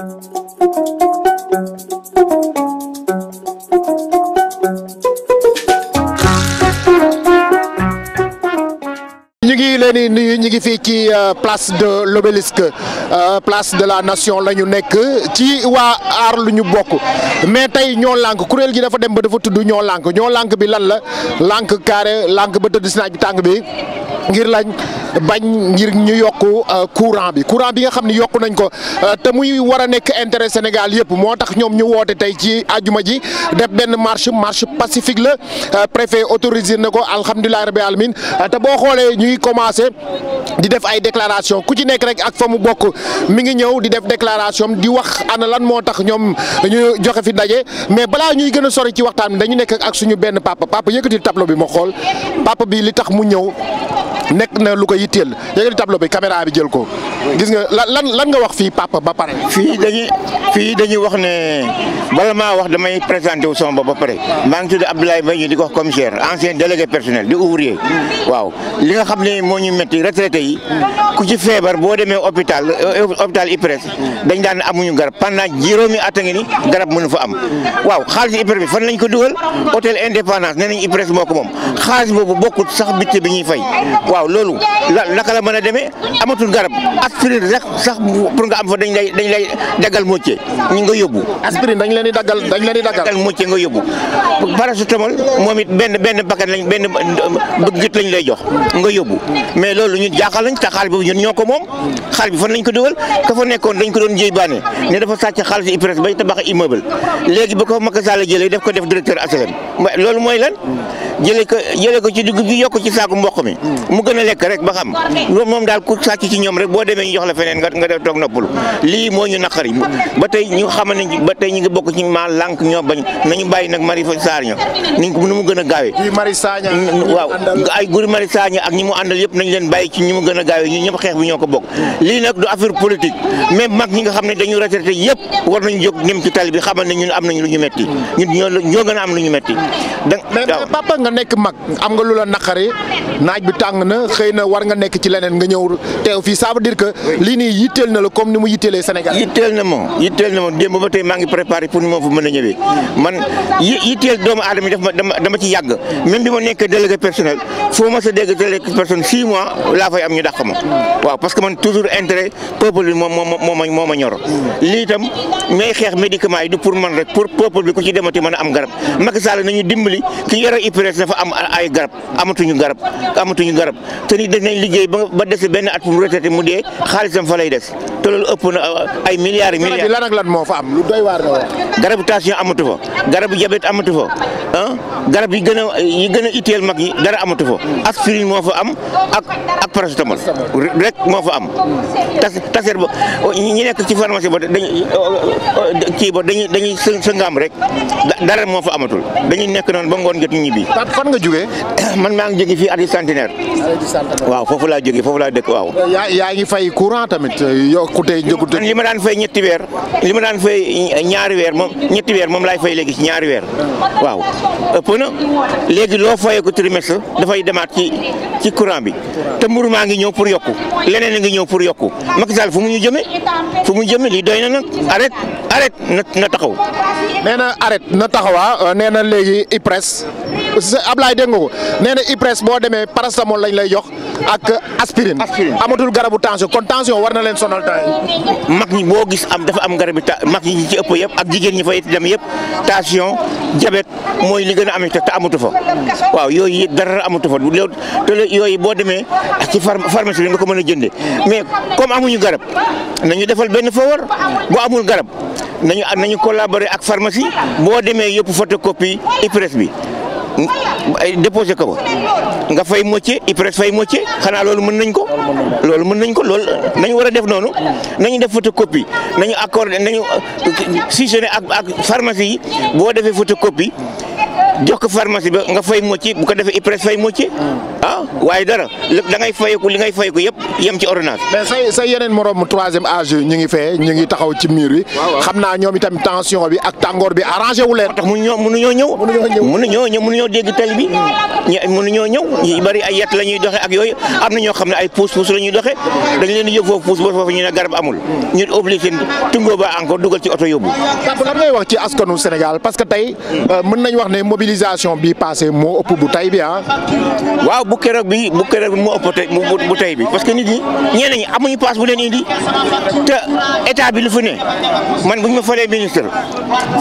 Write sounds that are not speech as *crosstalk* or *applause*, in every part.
ñu ngi leen di nuyu ñu ngi fii ci euh, place de l'obélisque euh, place de la nation la ñu nekk ci waa aar lu ñu bokk mais tey ñoo lànk kuréel gi dafa dem ba dafa tudd ñoo lànk ñoo lànk bi lan la lànk carré lànk ba tëdd si naaj bi tàng bi ngir lañ. bañ ngir ñu yokk euh, courant bi courant bi nga xam ne yokk nañ ko euh, te muy war a nekk intérêt Sénégal yëpp moo tax ñoom ñu woote tey ci àjuma ji def benn marche marché pacifique la euh, préfet autorisé na ko alhamdulilah rabbi alamin te boo xoolee ñuy ngi commencé di def ay déclaration ku ci nekk rek ak fa mu bokk mi ngi ñëw di def déclaration di wax ana lan moo tax ñoom ñu joxe fi ndaje mais balaa ñuy gën a sori ci waxtaan bi dañu nekk ak suñu benn papa papa yëkkati tableau bi ma xool papa bi li tax mu ñëw yitteel yëkkati tableau bi caméra bi jël ko. lan nga wax fii papa ba pare. fii dañuy fii dañuy wax ne bala maa wax damay présenté wu sama bopp ba pare maa ngi tudd Abdoulaye Mbaye ñu di ko wax commissaire ancien délégué personnel di ouvrier. waaw li nga xam ne moo ñu métti retraité yi ku ci feebar boo demee hôpital euh, hôpital IPRES dañ daan amuñu garab pendant juróomi at a ngi ni garab mënu fa am waaw xaalis IPRES bi fan lañ ko dugal hôtel Indépendance nee nañ IPRES moo moom xaalis boobu sax bitti bi ñuy fay la naka la mën a demee amatul garab aspirine rek sax pour nga am fa dañ lay dañ lay daggal mocce ñu nga yóbbu. aspirine dañ leen di daggal dañ leen di moom it benn benn paquet benn bëgg lañ lay jox nga yóbbu mais loolu ñun jaaxal lañ te xaalis boobu ñun ñoo ko moom xaalis bi fan lañ ko dugal ka fa nekkoon dañ ko doon jéy baane ne dafa sàcc xaalis IPRES bay tabax immeuble léegi ba ko Macky Sall jëlee def ko def directeur HLM loolu mooy lan. jëlee ko jëlee ko ci dugub gi yokk ci saaku mboq mi. Hmm. mu gën a lekk rek ba xam. loolu moom daal ku sàcc ci ñoom rek boo demee ñu jox la feneen nga nga def toog noppalu lii moo ñu naqari ba tey ñu xam ba tey ñu ngi bokk ci maa lànk ñoo bañ nañu bàyyi nag Marie a mu àndal yëpp nañ leen bàyyi ci ñi mu a gaawee ñun ñëpp xeex bi ñoo ko bokk. xam ne dañu retraité yëpp war nañu jóg ñem ci tali bi xamal ne am nañ lu ñu metti ñun ñoo gën a am lu ñu metti hmm. nga nekk mag am nga lu la naqari naaj bi tàng na xëy na war nga nekk ci leneen nga ñëw teew fii ça dire que lii nii yitteel na la comme ni mu yitteelee Sénégal. yitteel na ma yitteel na ba tey maa ngi préparé ma a ñëwee man yitteel doomu aadama yi daf ma dama ci yàgg même waaw parce que man toujours intérêt peuple bi moom moo ma moo ma ñor lii itam may xeex médicament yi du pour man rek pour peuple bi ku ci demati mën a am garab Macky Sall nañu dimbali ki yore IPRES dafa am ay garab amatuñu garab amatuñu garab te ni dañ liggéey ba ba des benn at mu retraité mu dee xaalisam fa lay des. te loolu ëpp na euh, ay milliards yi. milliards lan ak lan moo fa am lu doy waar garabu tension amatu fa garabu diabète amatu fa ah garab yi gën a yi a itteel mag yi dara amatu fa aspirine moo fa am ak ak paracétamol rek moo fa am tas taseer ba ñi nekk ci pharmacie ba dañuy euh, kii ba dañuy sëngaam rek dara moo fa amatul dañuy nekk noonu ba ngoon jot ñibbi. fan nga jógee. *coughs* man maa ngi jógee fii Aladji Centenaire. waaw foofu laa jógee foofu laa dëkk waaw. yaa xutee njëkkute man ma daan fay ñetti weer li ma daan fay ñaari weer moom ñettiweer moom laay fay léegi ci ñaari weer waaw ëpp na léegi loo fayee ko trimestre dafay demaat ci ci courant bi te mburu maa ngi ñëw pour yokku leneen a ngi ñëw pour yokku Macky Sall fu mu ñu jëme fu mu jëme lii doy na nag arrête arrête na taxaw nee na arrête na taxawaa ah, euh, nee na léegi IPRES Ablaye dégg nga ko nee na IPRES boo demee paracétamol lañ lay jox ak aspirine. amatul garabu tension kon tension war na leen sonal temps mag ñi boo gis am dafa am garabu ta mag ñi ci ëpp yëpp ak jigéen ñi fay dem yëpp tension diabète mooy li gën a amee te amatu fa waaw yooyu dara amatu fa loolu te yooyu boo demee ci pharmacie bi nga ko mën a jëndee mais comme amuñu garab nañu defal benn fa boo amul garab. nañu nañu collaborer ak pharmacie boo demee yëpp photocopie IPRES bi déposé ko ba nga fay moitié IPRES fay moitié xanaa loolu mën nañ ko. loolu mën nañ ko loolu nañu war a def noonu nañu def photocopie nañu accordé nañu euh, si ce ak ak pharmacie yi boo defee photocopie. jox ko pharmacie ba nga fay mocci bu ko defee IPRES fay mocci hmm. ah waaye dara da ngay fayeku li ngay fayeku yëpp yem ci ordonnance. mais say yeneen moroom troisième âge wu leen. dégg tali bi. ñu mënuñoo bari ay yat la ñuy ak yooyu am na ñoo xam ne ay puus puus la ñuy doxee leen di foofu puus ba foofu ñu ne ci oto yóbbu. Sénégal parce que tey euh, mën nañ wax ne mobilisation bi passé moo ëpp bu tay bi ah. waaw bu keroog bi bu bi moo ëpp bu tay bi parce que nit ñi ñeneen ñi amuñu paas bi lu fi ne man bu ñu ma falee ministre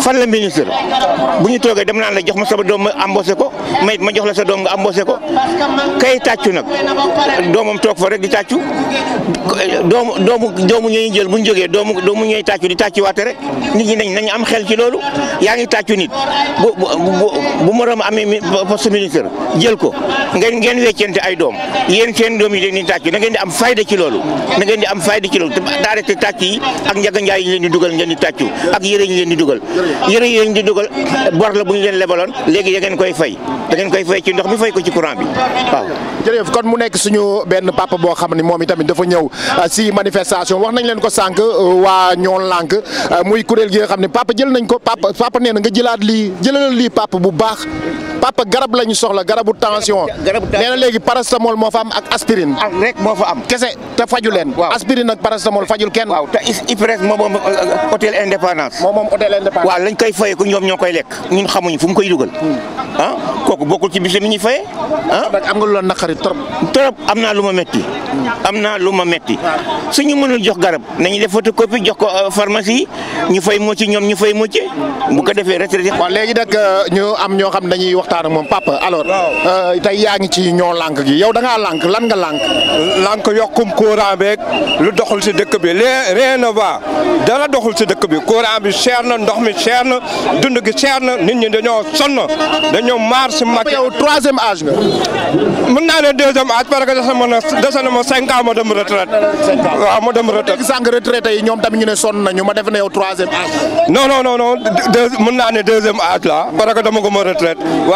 fan la ministre bu ñu toogee dem naan la jox ma sama doom ma embauché ko may ma jox la sa doom nga ko kay tàccu nag doomam toog fa rek di tàccu doomu doomu doomu ñooy jël bu ñu jógee doomu doomu ñooy tàccu di tàccuwaate rek nit ñi nañ nañ am xel ci loolu yaa ngi tàccu bu morom amee poste ministre jël ko ngeen ngeen weccente ay doom yéen seen doom yi leen di tàcc na ngeen di am fayda ci loolu na ngeen di am fayda ci loolu te arrêté tàcc yi ak njaganjaay yi leen di dugal ngeen di tàccu ak yëre yi leen di dugal yëre yi leen la bu ñu leen lebaloon léegi da ngeen koy fay da ngeen koy fay ci ndox mi fay ko ci courant bi waaw jërëjëf kon mu nekk suñu benn papa boo xam ne moom itamit dafa ñëw ah, si manifestation wax nañ leen ko sa euh, waa ñoo lànk euh, muy kuréel gi nga xam ne papa jël ko papa papa nee na nga jëlaat lii jëlal lii baax papa garab la ñu soxla garabu tension. garabu léegi paracétamol moo fa am ak aspirine. Ah, rek moo fa am. kese te faju leen. waaw ak paracétamol fajul kenn. waaw te IPRES euh, moom hôtel Indépendance. moom lañ koy fayee ko ñoom ñoo koy lekk. ñun xamuñu fu mu koy dugal. Hmm. Ah, kooku bokkul ci budget mi ñuy fayee. ah am ñoom ñu fay mocc hmm. bu ko defee retraité. waaw léegi nag euh, ñu am ñoo xam dañuy waxtaan waxtaan ak moom papa alors. Euh, tey yaa ci ñoo lànk gi yow da ngaa lànk lan nga lànk. lànk yokkum courant beeg lu doxul si dëkk bi les rien ne va dara doxul si dëkk bi courant bi cher na ndox mi cher na dund gi cher na nit ñi dañoo sonn dañoo maar si Macky. yow troisième nga. mën naa ne deuxième âge parce que ma dese na ma cinq ans ma dem retraite. waaw ma dem retraite. sànq retraité yi ñoom tamit ñu ne sonn nañu ma def na yow troisième âge. la parce que dama ko ma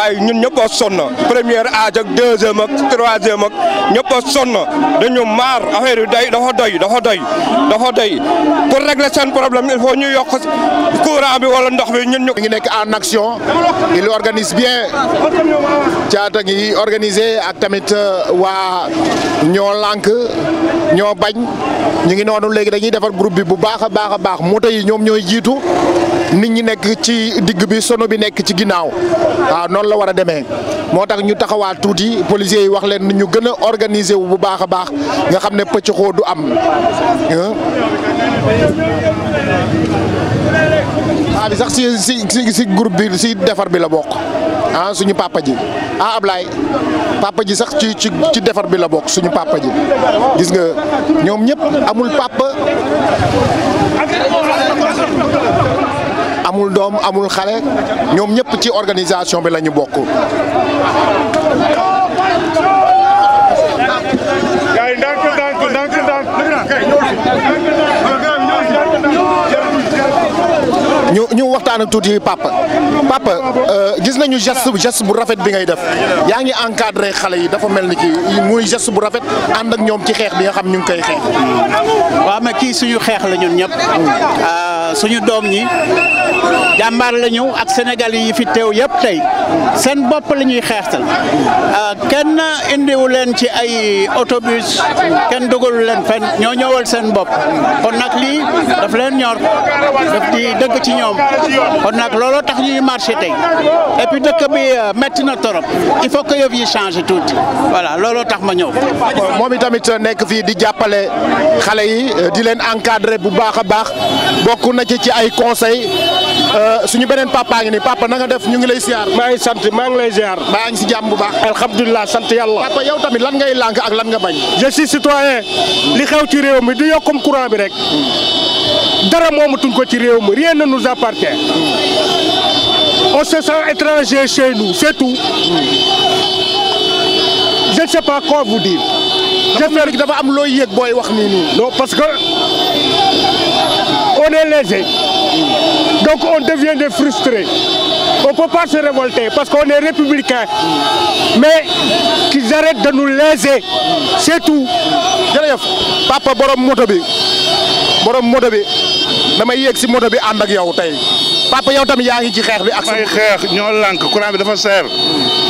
waaye ñun ñëpp a sonn première âge ak deuxième ak troisième ak ñëpp a sonn dañu maar affaire yi day dafa doy dafa doy dafa doy pour régler seen problème il faut ñu yokk courant bi wala ndox bi ñun ñu. ngi nekk en action il organise bien caata ngi organiser ak tamit euh, waa ñoo lànk ñoo bañ ñu ngi noonu léegi dañuy defar groupe bi bu baax a baax a baax moto yi ñoom ñooy jiitu nit ñi nekk ci digg bi sono bi nekk ci ginnaaw waaw ah, noonu la war a demee moo tax ñu taxawaat tuuti policiers yi wax leen ñu gën a organiser wu bu baax a baax nga xam ne pëccëxoo du am. ah bi sax si si si groupe bi si defar bi la bokk ah suñu papa ji ah Ablaye papa ji sax ci ci ci defar bi la bokk suñu papa ji gis nga ñoom ñëpp amul papa. amul doom amul xale ñoom ñëpp ci organisation bi la ñu bokk. gars yi ndànk ñu ñu waxtaan ak tuuti papa papa euh, gis nañu geste geste bu rafet bi ngay def yaa ngi encadré xale yi dafa mel ni kii muy geste bu rafet ànd ak ñoom ci xeex bi nga xam ñu ngi koy xeex. waaw mais kii suñu xeex la ñun ñëpp euh, suñu doom ñi jàmbaar la ñu ak Sénégal yi fi teew yëpp tey seen bopp la ñuy xeextal euh, kenn indiwu leen ci ay autobus kenn dogalu leen fenn ñoo ñëwal seen bopp kon nag lii daf leen ñor daf di dëgg ci ñoom ñoom kon nag looloo tax ñuy marché tey et puis dëkk bi euh, métti na torop il faut que yëf yi changé tuuti voilà looloo tax ma ñëw. moom itamit euh, nekk fii di jàppale xale yi euh, di leen encadré bu baax a baax bokk na ci ci ay conseils suñu beneen papa ngi ni papa na def ñu ngi lay ziar. maa ngi sant maa ngi lay ziar. maa ngi si jàmm bu baax. alhamdulilah sant yàlla. papa yow tamit lan ngay lànk ak lan nga bañ. je citoyen. li xew ci réew mi du yokkum courant bi rek. dara moomatuñ ko ci réew mi rien ne nous appartient on se sent étranger chez nous c'est tout je ne sais pas quoi vous dire. jëfër gi dafa am looy yëg booy wax ni nii. non parce que on est lésé donc on devient des frustrés on peut pas se révolter parce qu'on est républicain mais qu'ils arrêtent de nous léser c'est tout. papa borom moto bi borom moto bi. damay yéeg si moto bi ànd ak yow tey papa yow tamit yaa ngi ci xeex bi ak. may xeex ñoo lànk courant bi dafa seer.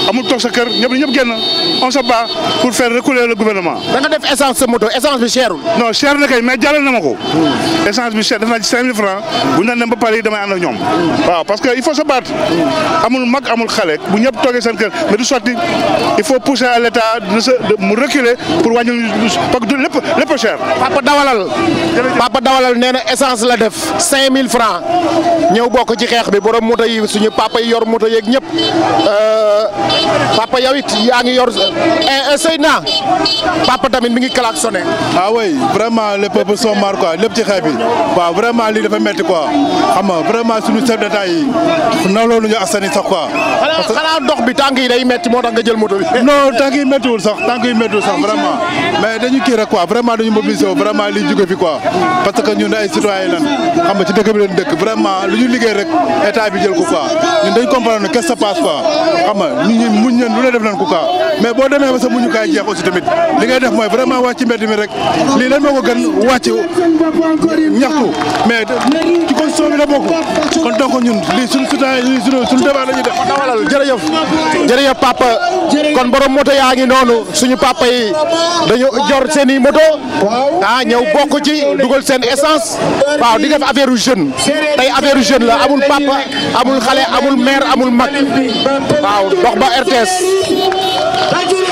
amul toog sa kër ñëpp ñëpp on se bat pour faire reculer le gouvernement. da nga def essence sa moto essence bi cherul. non cher na kay mais jàllal ko. essence bi cher def naa ci francs bu ñu daan dem de se mu reculer pour wàññi parce que lépp lépp cher. dawalal. papa dawalal nee essence la def francs ñëw bokk. bokk ci xeex bi borom moto yi suñu papa yi yor moto yeeg ñëpp euh, papa yow it yaa ngi yor eh, eh, Seyna papa tamit mi ngi klaxonné. ah oui vraiment les peuples sont morts quoi lépp ci xeex bi waaw vraiment li dafa métti quoi xam nga vraiment suñu chef d'état yi nawloo ñu asani sax quoi. parce que xanaa dox bi tànk yi day métti moo tax nga jël moto bi. *laughs* non tànk yi méttiwul sax tànk yi méttiwul sax vraiment mais dañu kii rek quoi vraiment dañu mobiliser wu vraiment li jóge fi quoi parce bi lañ dëkk ñu liggéey rek rek état bi jël ko quoi ñun dañ comprendre ne qu'est-ce qui se passe quoi xam nga nit ñi muñ leen lu ne def nañ ko quoi mais boo demee ba sa muñu kaay jeex aussi tamit li ngay def mooy vraiment wàcc ci mbedd mi rek lii lan moo ko gën wàcc ñaxtu mais ci constitution bi la bokk kon donc ñun lii suñ suta suñu suñu def dawalal jërëjëf papa kon borom moto yaa ngi noonu suñu papa yi dañu jor seen moto ah ñëw bokk ci dugal seen essence waaw di def affaire jeune tey affaire jeune la amul papa amul xale amul mère amul mag waaw dox ba RTS